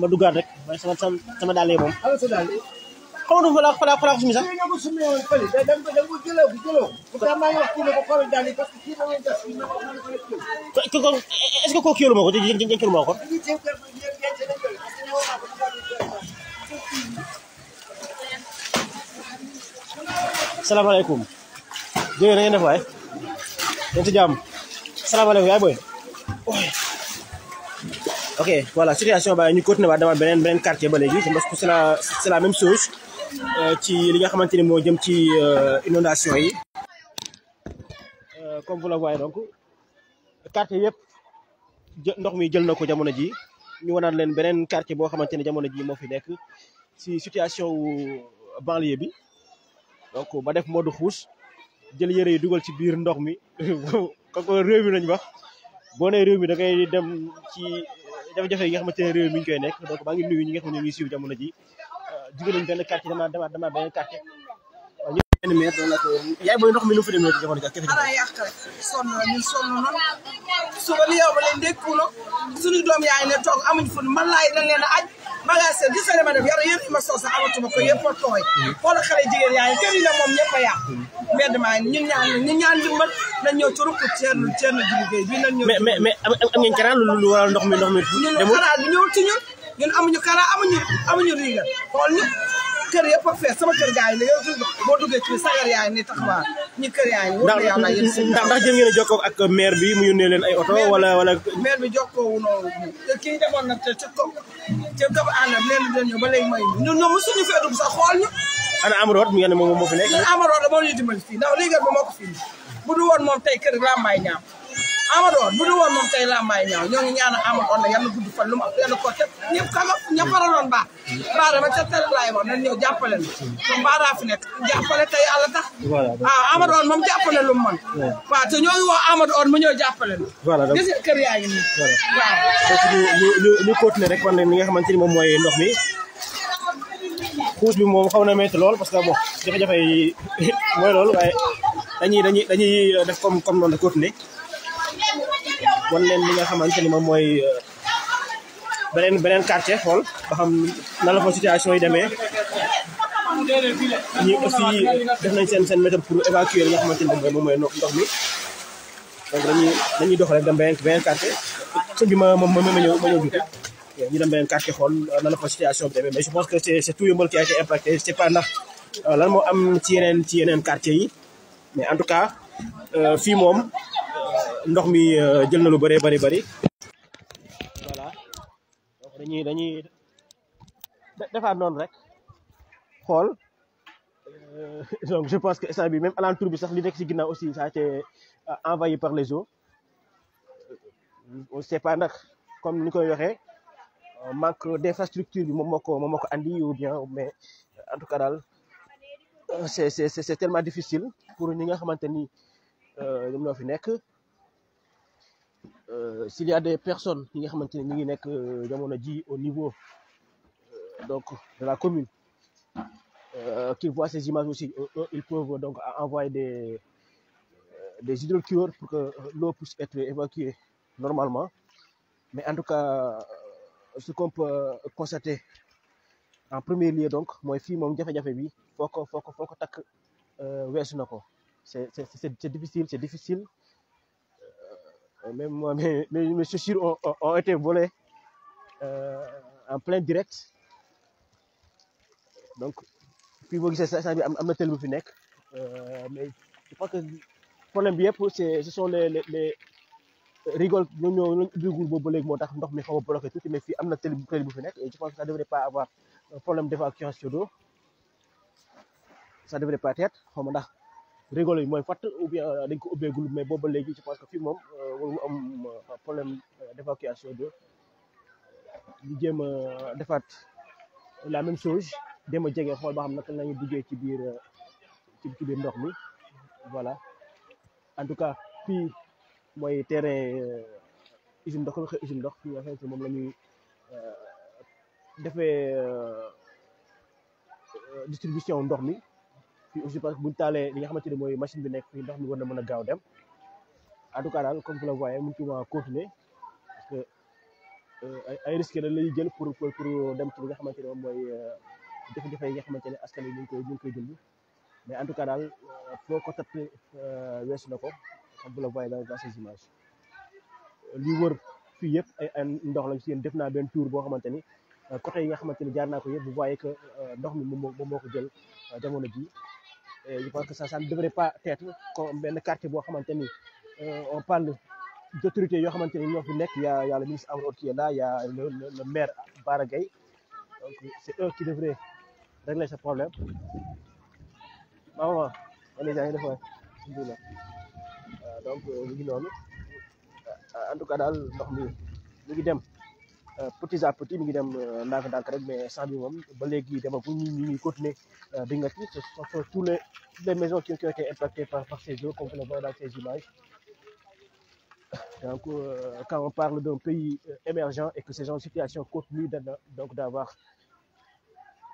ma duggaat rek sama sama moom. xaw ma fa fa fa sumi sax. est-ce que kooku yëlu ko jë jë ma ko. salaamaaleykum. jërëjëf na ngeen def waay. yéen yaay booy. ok voilà situation baa ñu continué waat dama beneen beneen quartier ba léegi parce que c'est la c'est euh, li nga xamante ni moo jëm ci euh, inondation yi euh, comme vous le voyez donc ndox mi jël na ko jamono ji ñu wanaat leen beneen quartier boo xamante ni jamono ji moo fi nekk si situation wu banlieue bi donc ba def mode xuus jël yére yi dugal ci biir ndox mi kooku réew mi lañ wax boo nee réew mi da dem ci jafe-jafe yi nga xamante ne réew mi ngi koy nekk donc maa ngi nuyu ñi nga xam ne ñoo ngi suivre jamono euh, dama dama dama benn quartier ñu benn maire donc yaay booy ndox mi nu jafe-jafe xanaa yàq rek sonn na na suba li yow ba leen dékkuno suñu doom yaa ngi ne toog amuñ fu man laay dañ leen aj magasin gis nga ne ma dem yar yëpp ma soos a amatuma ko yëpp a tooy. xool xale jigéen yaa ngi yi ne moom ñëpp a yàqu. mbedd maa ngi ñaan ñu ñaan dimbal nañ ñëw ci ruq ceeb ceeb jiwu géej bi nañ ñëw. mais mais mais am ngeen canal lu waral ndox mi ndox mi. demul ñun canal bi ñëwul ci ñun ñun amuñu canal amuñu amuñu riga kër yëpp a fees sama kër gaa yi ne yow boo sagar yaay ni taxawaar ñi kër yaay ni ndax ndax jëm ngeen a jokkoo ak maire bi mu yónnee leen ay oto wala wala maire bi jokkoo wu noonu kii demoon nag te ca kaw ca doon ñëw ba léegi may ñun ñoom mosuñu fee dugg sax xool ñu ana amaroot mi nga ne moom moo fi nekk amaroot da moo ñu dimbali fii ndax liggéey bi moo ko fii bu du woon moom tey kër laa may ñaam Amadou bu dul woon moom tey làmbaay ñaaw ñoo ngi ñaanal Amadou la yàlla gudd fan lu mu am benn ko te ñëpp xam nga ña faraloon baax baax dama ca tel laay wax nañ ñëw jàppale la moom baax daa fi nekk jàppale tey yàlla tax ah, waaw Amadou woon moom te ñoo ngi woo Amadou mu ñëw jàppale la voilà gis nga kër yaa ngi nii waaw donc ñu ñu continuer rek man li nga xamante ni moom mooy ndox mi xuus bi moom xaw na métti lool parce que bon jafe-jafe yi mooy loolu waaye dañuy dañuy dañuy def comme comme noonu wan leen li nga xamante ni moom mooy euh, beneen beneen quartier xool ba xam nan la fa situation yi demee ñi aussi def nañ seen seen méthode pour évacuer li nga xamante ni moom mooy ndox mi donc dañuy dañuy dox rek dem beneen beneen quartier sëñ bi ma ma ma ñu dem beneen quartier xool nan la fa situation bi demee mais je pense que c'est c'est tout Yeumbeul qui a été impacté c'est pas ndax euh, lan moo am ci yeneen ci yeneen quartier yi mais en tout cas euh, fii moom ndox mi euh, jël na lu bëree bëri bëri voilà dañuy dañuy defaat noonu rek xool euh, donc je pense que instant bi même alentour bi sax li nekk ci ginnaaw aussi ça a été euh, envahi par les eaux on sait comme ni koy waxee manque d'infrastructure bi moom moo ko moom ko andi ou bien mais en tout cas daal c'est c'est c'est tellement difficile pour ñi nga xamante ni ñoom ñoo fi nekk Euh, s'il y a des personnes yi nga xamante ne ñu ngi nekk euh, jamono ji au niveau euh, donc de la commune qui voient ces images aussi ils peuvent donc envoyé des des hydrocureurs pour que l'eau puisse être évacuée normalement mais en tout cas ce qu'on peut constater en premier lieu donc mooy fii moom jafe-jafe bi foo ko foo ko foo ko takk weesu na ko c'est c'est difficile c'est difficile Euh, mais moi, mes, mes, chaussures ont, ont été volées euh, en plein direct. Donc, puis vous voyez ça, am na tel bu fi nekk euh, mais je crois que problème bi yëpp c'est ce sont les les les rigoles ñoom ñoo ñoo ubbiwul boobu léegi moo tax ndox mi xaw a bloqué tuuti mais fii am na tel bu fi nekk et je pense que ça devrait pas avoir problème d'évacuation d'eau ça devrait pas être xaw ma ndax. rigole yi mooy fatt ou bien euh, dañ ko ubbeegul mais booba léegi je pense que fii moom euh, waru am euh, problème d'évacuation de ñu jéem a defaat la même chose jéem a jege xool ba xam naka nañu duggee ci biir ci biir ndox mi voilà en tout cas fii mooy terrain usine ndox la usine ndox fii moom la ñuy defee distribution ndox mi fii aussi parce que buñ taalee li nga xamante mooy machine bi nekk fii ndox mi war na mën a gaaw dem en tout cas daal comme vous le voyez mun ci ma euh, ay risques la lay jël pour pour pour dem ci nga xamante ne moom mooy euh, jafe-jafe yi nga xamante ne askan wi ñu ngi koy ñu koy dund mais en tout cas daal euh, foo ko tatt weesu na ko comme la le voyez dans ces li wër fii yëpp ay ndox lañ si def naa benn tour boo xamante ni côté yi nga xamante ni jaar naa ko yëpp vous voyez que ndox mi moom moo ko jël jamono ji Euh, je pense que ça ça ne devrait pas être comme benn quartier boo xamante ni euh, on parle d'autorité yoo xamante ni ñoo fi nekk y a y a le ministre Amadou qui est là a le le maire Bara Gaye donc c'est eux qui devraient régler ce problème maman man de jaa euh, ngi def donc ñu en tout cas daal ndox mi ñu ngi dem. Euh, petit à petit mi ngi dem ndànk-ndànk euh, rek mais sax bi moom ba léegi demagul ñu ñuy continuer euh, di nga ci ce tous les toutes les maisons qui ont été impactées par par ces eaux comme vous le voyez dans ces images donc euh, quand on parle d'un pays émergent et que ces gens en situation continue de, donc d'avoir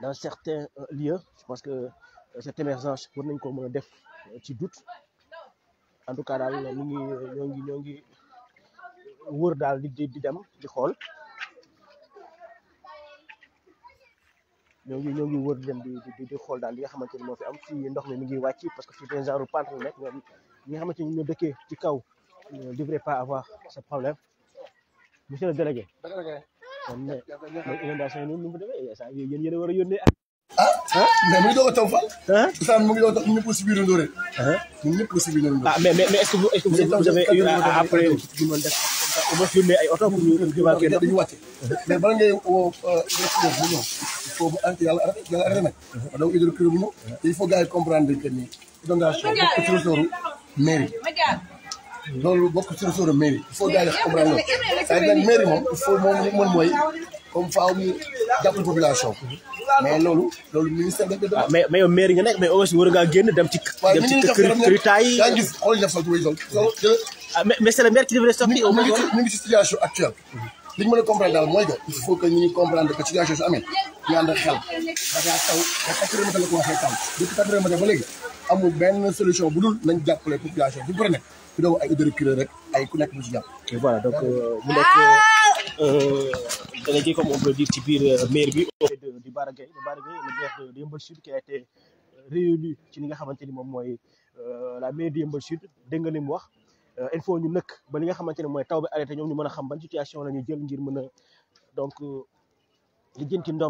dans certains lieux je pense que cette émergence war nañ ko mën a def ci doute en tout cas daal ñu ngi ñoo ngi ñoo ngi wër daal di di dem di xool ñoo ngi ñoo ngi wër dem di di xool daal li nga xamante ni moo fi am fii ndox mi mi ngi wàcc parce que fii des genre pente la nekk ñi nga xamante ni ñoo dëkkee ci kaw ne euh, devrait pas avoir ce problème monsieur le délégué. kon ne inondation yi nu mu demee saa yéen yéen a war a yónnee ak. ah, ah mais mu ngi doog a taw fa. ah Sane mu ngi doog a taw ñun ñëpp aussi biir Ndoré. ñun ñëpp aussi biir Ndoré. ah mais mais est-ce que vous est-ce que vous avez eu après ñu mën def au moins yónnee ay oto pour ñu évacuer ndox. dañuy wàcce mais bala ngay woo ñëw. Euh, foofu yàlla arrêté yàlla arrêté nag donc hydrocure bu uh-huh. il faut gars yi comprendre que ni inondation bokk ci resooru mairie loolu bokk ci resooru mairie il faut gars yi comprendre mairie moom il faut moom li comme faaw mu jàppale population uh-huh. mais loolu loolu ministère da nga ah, mais mais yow mairie nga nekk mais aussi war ngaa génn dem ci dem ci ah, mais c'est le maire qui devrait sortir mi ngi ci situation actuelle uh-huh. li ñu mën a comprendre daal mooy que il faut que ñu comprendre que situation su amee ñu ànd ak xel dafa benn solution bu dul nañ jàppale population bi bu pare nekk fi doon ay hydrocureur rek ay ku nekk mu si jàpp. voilà donc euh, mu nekk ah! euh, délégué comme on peut dire ci biir euh, maire bi. di Bara Gaye di Bara Gaye le maire de Yeumbeul Sud qui a été réélu ci li nga xamante ni moom mooy la maire de Yeumbeul Sud dégg nga li mu wax. Euh, il faut ñu nëkk ba li nga xamante ne mooy taw bi arrêté ñoom ñu mën a xam ban situation la ñuy jël ngir mën a donc euh, li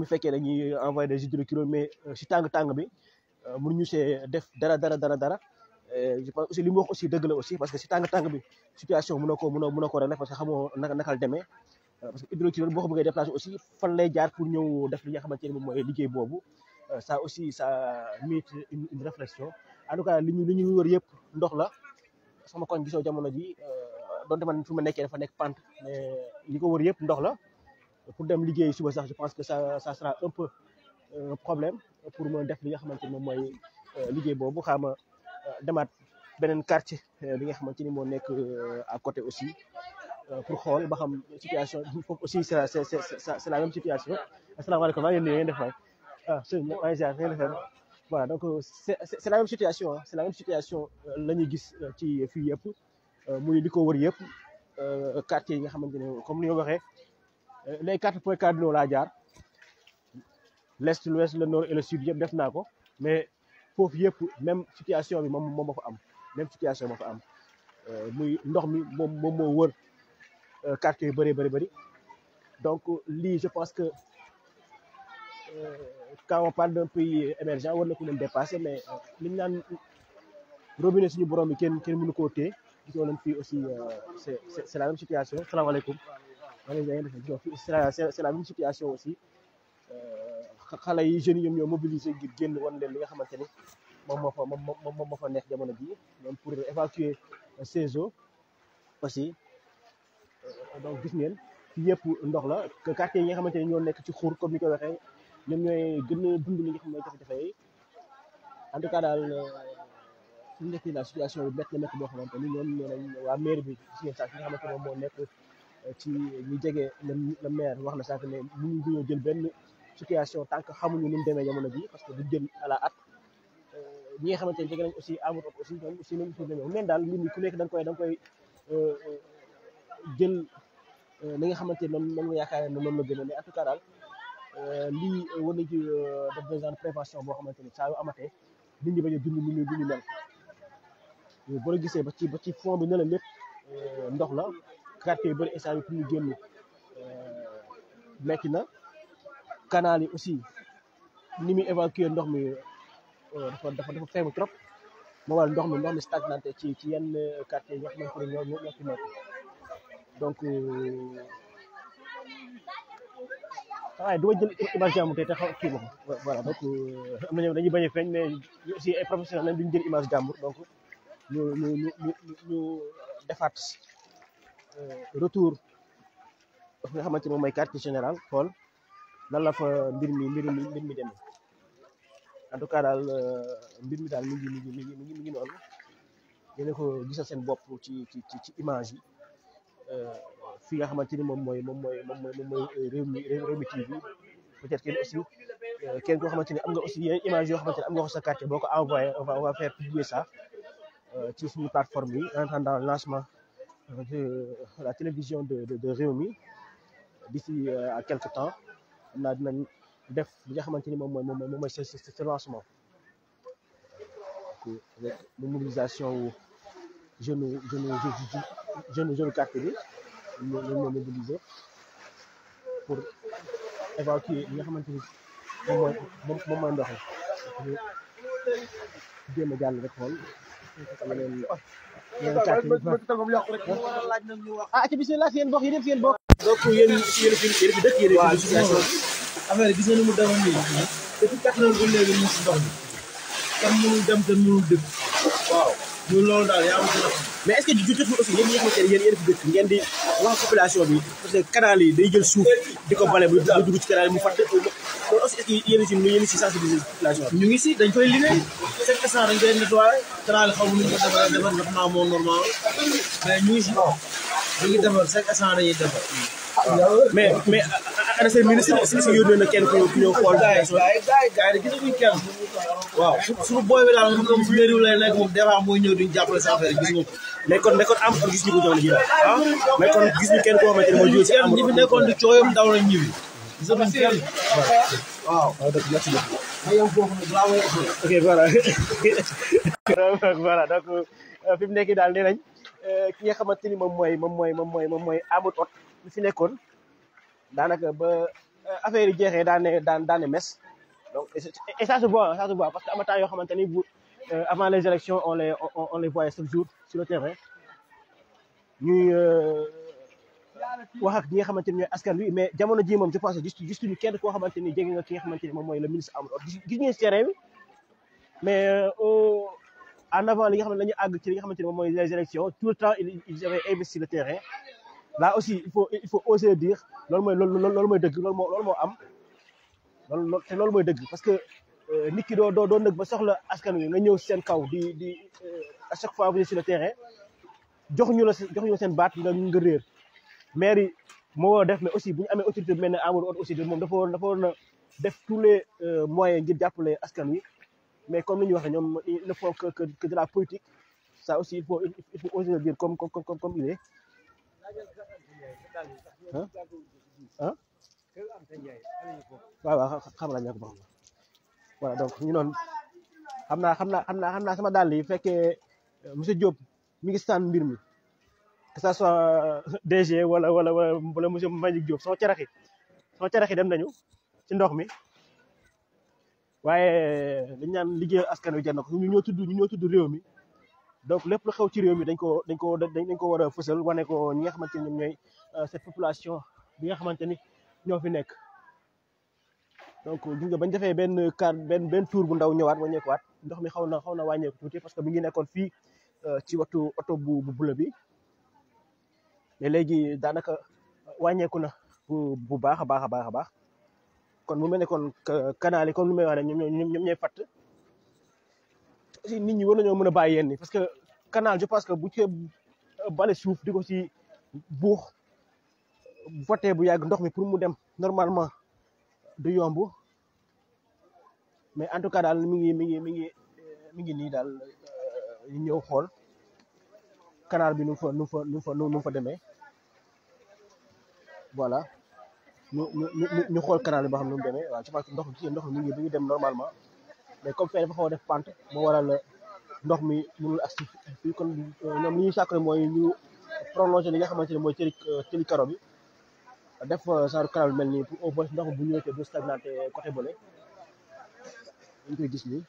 mi fekkee dañuy envoyé des hydrocureurs mais euh, si tàng-tàng bi mënuñu see def dara dara dara dara je pense aussi li mu aussi parce que si tàng-tàng bi situation mënoo ko mënoo mënoo ko rek parce que xamoo naka nakal demee parce que hydrocureur boo ko bëggee déplacé aussi li nga xamante boobu ça aussi ça mérite une réflexion li ñu li ñu wër yëpp ndox la sama koñ gisoo jamono ji euh, donte man fi ma nekkee dafa nekk pant mais li ko wër yëpp ndox la pour dem liggéey suba sax je pense que sa ça sera un peu euh, problème pour ma def li nga xamante ni moom mooy euh, liggéey boobu xaama demaat beneen quartier bi nga xamante ni moo nekk à côté aussi pour xool ba xam situation foofu aussi c'est c'est c'est la même situation asalaamaaleykum maa ngi leen di def waay ah sëñ bi maa ngi ziar waa donc euh, c'est c'est la même situation c'est euh, la ñuy gis euh, ci fii yëpp muy li ko wër yëpp quartier yi nga xamante ne comme ni nga waxee les quatre points cardinaux laa jaar l'est l'ouest le nord et le sud yëpp def naa ko mais foofu yëpp même situation bi moom moom moo fa am même situation moo fa am muy ndox mi moom moom moo wër quartier yu bëree bëri bëri donc lii je pense que Euh, quand on parle d'un pays émergent war na ko leen dépasser mais euh, li ñu naan robinet suñu borom bi kenn kenn mënu koo téye gisoo leen fii aussi euh, c'est c'est situation salaamaaleykum maaleykum salaam c'est situation aussi xale yi jeunes yi ñoo mobilisé ngir génn wan leen li nga xamante ni moom moo fa moom moo fa neex jamono bii même pour évacuer ces eaux aussi donc gis ngeen fi yëpp ndox la que yi nga xamante ni ñoo nekk ci xuur comme ni ko waxee. ñoom ñooy gën a dund li nga xam mooy jafe-jafe yi en tout cas daal euh, fi mu nekk la situation bi métti na métti boo xamante ni ñoom nee nañ waa maire bi si saa si nga xamante moom moo nekk euh, ci ñu jege le maire wax na sax ne mënuñ ko jël benn situation tant que xamuñu ni mu demee jamono ji parce que du jël à la at euh, ñi nga xamante ne jege nañ aussi amut aussi ñoom aussi nañ ko demee mais daal mbir mi ku nekk da nga koy da nga koy jël li nga xamante ne noonu la yaakaar ne noonu la gën a mais en tout cas daal. Euh, lii euh, war nañ ci euh, def des prévention boo xamante ni saa yu amatee nit ñi bañ a dund ni ñu mel gisee ba ci ba ci fond bi ne la lépp ndox la quartier yu bëri instant bi pour ñu génn na canal yi aussi ni muy évacuer ndox mi dafa dafa dafa faible trop moo waral ndox mi ndox mi stagnante ci ci yenn quartier yi nga xamante ne ñoo ñoo ci nekk donc waaye ah, du ma image jàmm tey te xaw kii moom voilà donc euh, am nañu dañuy bañ a feeñ ay professionnels lañ duñ jël image jàmm donc ñu ñu ñu ñu defaat euh, retour nga xamante moom mooy quartier général xool lan la fa mbir mi mbir mi mbir mi demee en tout cas daal euh, mbir mi daal mi ngi mi ngi mi ngi mi ngi mi ko gisal seen bopp ci ci ci image yi. fi nga xamante ni moom mooy moom mooy moom mooy moom mooy Rewmi Rewmi TV xamante ni am nga aussi yeneen image yoo xamante ni am nga ko sa quartier boo envoyé on va publier ça euh, ci suñu plateforme bi en attendant le lancement euh, de la télévision de de de si euh, à quelque temps am naa def li nga xamante ni moom mooy moom mooy ce lancement mobilisation wu jeune jeune jeune jeune quartier bi. lañ leen mobiliser pour évacuer li nga xamante ni moom mooy moom mooy ndox mi jéem a jàll rek xool yeneen yeneen càkk yi ah ci bisimilah seen bokk yéen seen fi yéen fi dëkk yéen fi situation affaire yi gis nga ni si ndox mi kenn mënul dem te mënul dëkk ñu loolu daal yaa ngi mais est que di jotul aussi yéen ñi nga xamante ne yéen yéen fi dëkk ngeen di wax population bi parce que canal yi day jël suuf di ko bale muy dugg ci canal yi mu fàtte loolu aussi est que yéen si yéen a si sensibiliser population bi. ñu ngi si dañ koy liggéey chaque instant dañ koy nettoyer canal yi xaw ma nu ñu ko defar defar na normal mais ñu ngi si ñu ngi defar chaque instant dañuy defar. Ah, mais mais. ana seen ministre est-ce que si yónnee na kenn ku ñëw xool. gars yi gars yi gars yi gisaguñ kenn. waaw suñu booy bi daal moom comme su dee lay nekk moom des fois mooy ñëw duñ jàppale sa affaire gis nga ko mais kon mais kon am gis ñu ko jox la ñu ah mais kon gis ñu kenn koo xamante ne mooy jóge si amul. ñi fi nekkoon di cooyam daw nañ ñibbi. gisaguñ kenn waaw. ok voilà. voilà donc euh, fi mu nekk daal nee nañ euh, ki nga xamante ni moom mooy moom mooy moom mooy moom mooy amut ot fi nekkoon. daanaka ba euh, affaire yi jeexee daan daan daan mes donc et ça se voit ça se parce que am yoo xamante ni bu euh, avant les élections on les on, on les chaque jour sur le terrain ñuy euh, wax ak ñi nga xamante ni ñooy askan wi mais jamono ji moom je pense juste juste kenn koo xamante ni jege nga ki nga xamante ni moom mooy le ministre Amadou Hott gis ngeen si mais au en avant li nga xam ne la ñu ci li nga xamante ni moom mooy les élections tout le temps ils avaient le terrain là aussi il faut il faut oser dire loolu mooy loolu loolu mooy dëgg loolu moo loolu am loolu te loolu mooy dëgg parce que euh, nit ki doo doo doo nëg ba soxla askan wi nga ñëw seen kaw di di euh, à chaque fois vous le terrain jox ñu la jox ñu seen baat nga nga réer maire yi moo war a def mais aussi bu ñu amee autorité bu mel ne Amadou moom dafa war dafa war a def tous les euh, moyens ngir jàppale askan wi mais comme ni ñu waxee ñoom il ne faut que que de la politique ça aussi il faut il faut oser le comme il est ah waaw waaw xam nañ ko baax naa xam naa xam naa dàll yi fekke euh, monsieur Diop mi ngi sànn mbir mi que ça soit euh, DG wala wala wala monsieur Manick Diop sama carax yi sama carax yi dem nañu ci ndox mi waaye euh, dañ naan liggéey askan wi jar na ñu ñoo tudd ñu réew mi donc lépp lu xew ci réew mi dañ ko dañ ko dañ ko war a fësal wane ko ñi nga xamante ni ñoom euh, population bi nga xamante ni ñoo fi nekk donc gis nga bañ defee benn car benn benn tour bu ndaw ñëwaat wàññeekuwaat ndox mi xaw na xaw na wàññeeku tuuti parce que mi ngi nekkoon fii euh, ci watu oto bu bu bula bi mais léegi daanaka wàññeeku na bu bu baax a baax a baax a baax kon mu mel ne kon kanaal yi comme lu may wax ne ñoom ñoom ñooy aussi nit ñi war nañoo mën a bàyyi yenn parce que canal je pense que bu ci bale suuf di ko ci buux voté bu yàgg ndox mi pour mu dem normalement du yomb mais en tout cas daal mi ngi mi ngi mi ngi mi ngi nii daal ñu euh, ñëw xool canal bi nu fa nu fa nu fa demee voilà ñu ñu ñu xool kanaal bi xam nu mu demee waaw je pense que ndox mi ndox mi ngi mi ngi dem normalement. mais comme fee dafa xaw a def pente moo waral ndox mi mënul ak si fii kon li ñuy sàkk mooy ñu prolongé li nga xamante ne mooy tëli tëli karo bi def genre canal mel nii pour au moins ndox bu ñëwee te du stagnante côté bële dañ koy gis nii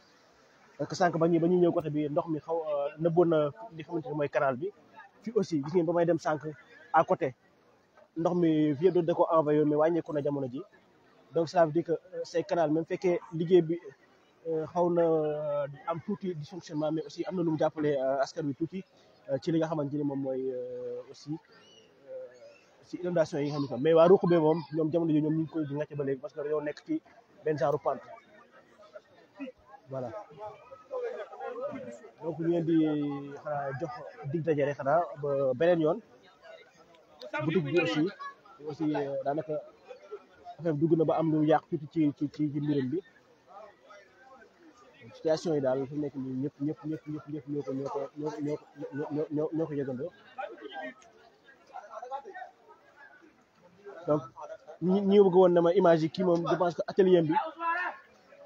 parce que sànq ba ñuy ba ñëw côté bi ndox mi xaw nëbboon na li xamante ne mooy canal bi fii aussi gis ngeen ba may dem sànq à côté ndox mi vie doot da ko envoyé mais wàññeeku na jamono ji donc ça veut dire que euh, ces canal même fekkee liggéey bi xaw na euh, am tuuti dysfonctionnement mais aussi am na lu mu jàppale euh, askan wi tuuti euh, ci li nga xamante ni moom mooy aussi ci inondation yi xam ne tam mais waa Ruqube moom ñoom jamono ji ñoom ñu ngi koy di ngàcc ba léegi parce que dañoo nekk ci benn genre pente voilà donc ñu leen di xanaa jox dig daje xanaa ba beneen yoon boutique bi aussi aussi daanaka dugg na ba am lu yàq tuuti ci ci ci mbirum bi. situation yi daal fi mu nekk nii ñëpp ñëpp ñëpp ñëpp ñëpp ñoo ko ñoo ko ñoo ñoo ñoo ko yëgandoo donc ñi ñi bëgg woon na ma image yi kii moom je pense que atelier bi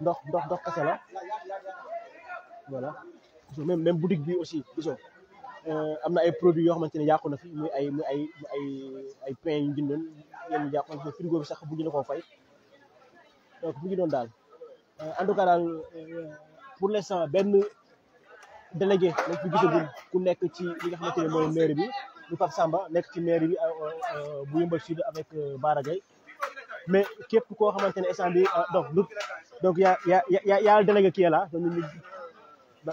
ndox ndox ndox kese la voilà même même boutique bi aussi gisoo euh, am na ay produits yoo xamante ne yàqu na fi muy ay muy ay ay ay peint yu jëndoon yéen ñu yàqu frigo bi sax bu ñu la koo fay donc bu ñu doon daal euh, en tout cas daal euh, pour l'instant benn délégué lañ fi gisagul ku nekk ci li nga xamante ne mooy maire bi ñu Pape Samba nekk ci maire bi euh, euh, bu Yeumbeul Sud avec euh, Bara Gaye mais képp koo xamante ne instant bi donc du donc yaa yaa yaa yaa délégué kii là donc ñu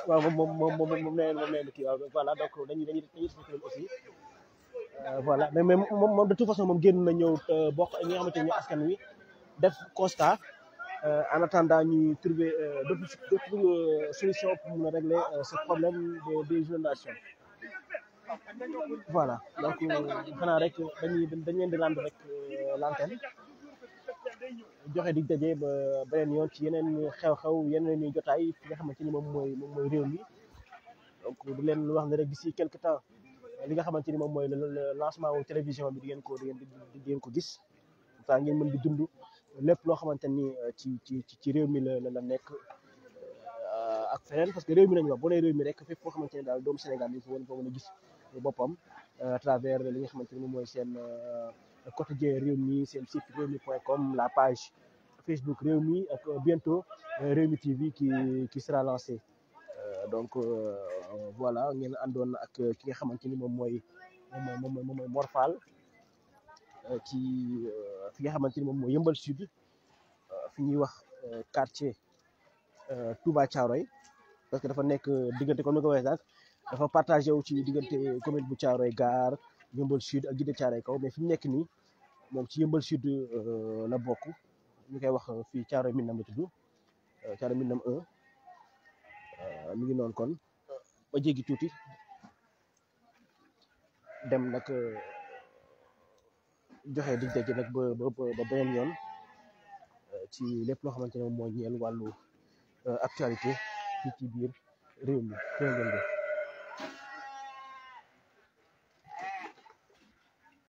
waaw moom moom moom moom nee moom nee kii waaw voilà donc dañuy dañuy dañuy respecté aussi voilà mais mais moom de toute façon moom génn na ñëw bokk ñi nga xamante ne askan wi def constat. Euh, en attendant ñuy trouver euh, d'autres euh, solutions pour mun a régler ce problème des inondations voilà donc xanaa rek dañuy dañ leen di rendre rek l'antenne joxe di daje ba beneen yoon ci yeneen xew-xew yeneen ñuy jotaay fi nga xamante ni moom mooy moom mooy réew mi donc di leen wax ne rek si quelque temps li nga xamante ni moom mooy lancement wu télévision bi di ngeen ko di ngeen di ngeen ko gis pourtant ngeen mën di dund lépp loo xamante ni euh, ci ci ci réew mi la la nekk euh, ak feneen parce que réew nañu wax boo nee réew mi rek fépp foo xamante ne daal doomu Sénégal dañ ko war a gis boppam euh, à travers li nga xamante ni mooy seen quotidien réew mi seen site réew mi la page Facebook réew mi ak bientôt réew mi TV qui qui sera lancé donc voilà ngeen àndoon ak ki nga xamante ni moom mooy moom mooy moom ci. fi nga xamante ni moom moo yëmbal sud euh, fi ñuy wax euh, quartier euh, Touba Thiaroye parce que dafa nekk diggante comme ni waxee sànq dafa partagé wu ci diggante commune bu Thiaroye Gare yëmbal sud a Djiddah Thiaroye kaw mais fi mu nekk nii moom ci yëmbal sud la bokk ñu koy wax fii Thiaroye Minam la tudd Thiaroye Minam ngi noonu kon ba jéggi tuuti dem nag. joxe dig daje nag ba ba beneen yoon euh, ci lépp loo xamante ne moo ñeel wàllu euh, actualité fii ci biir réew mi réew mi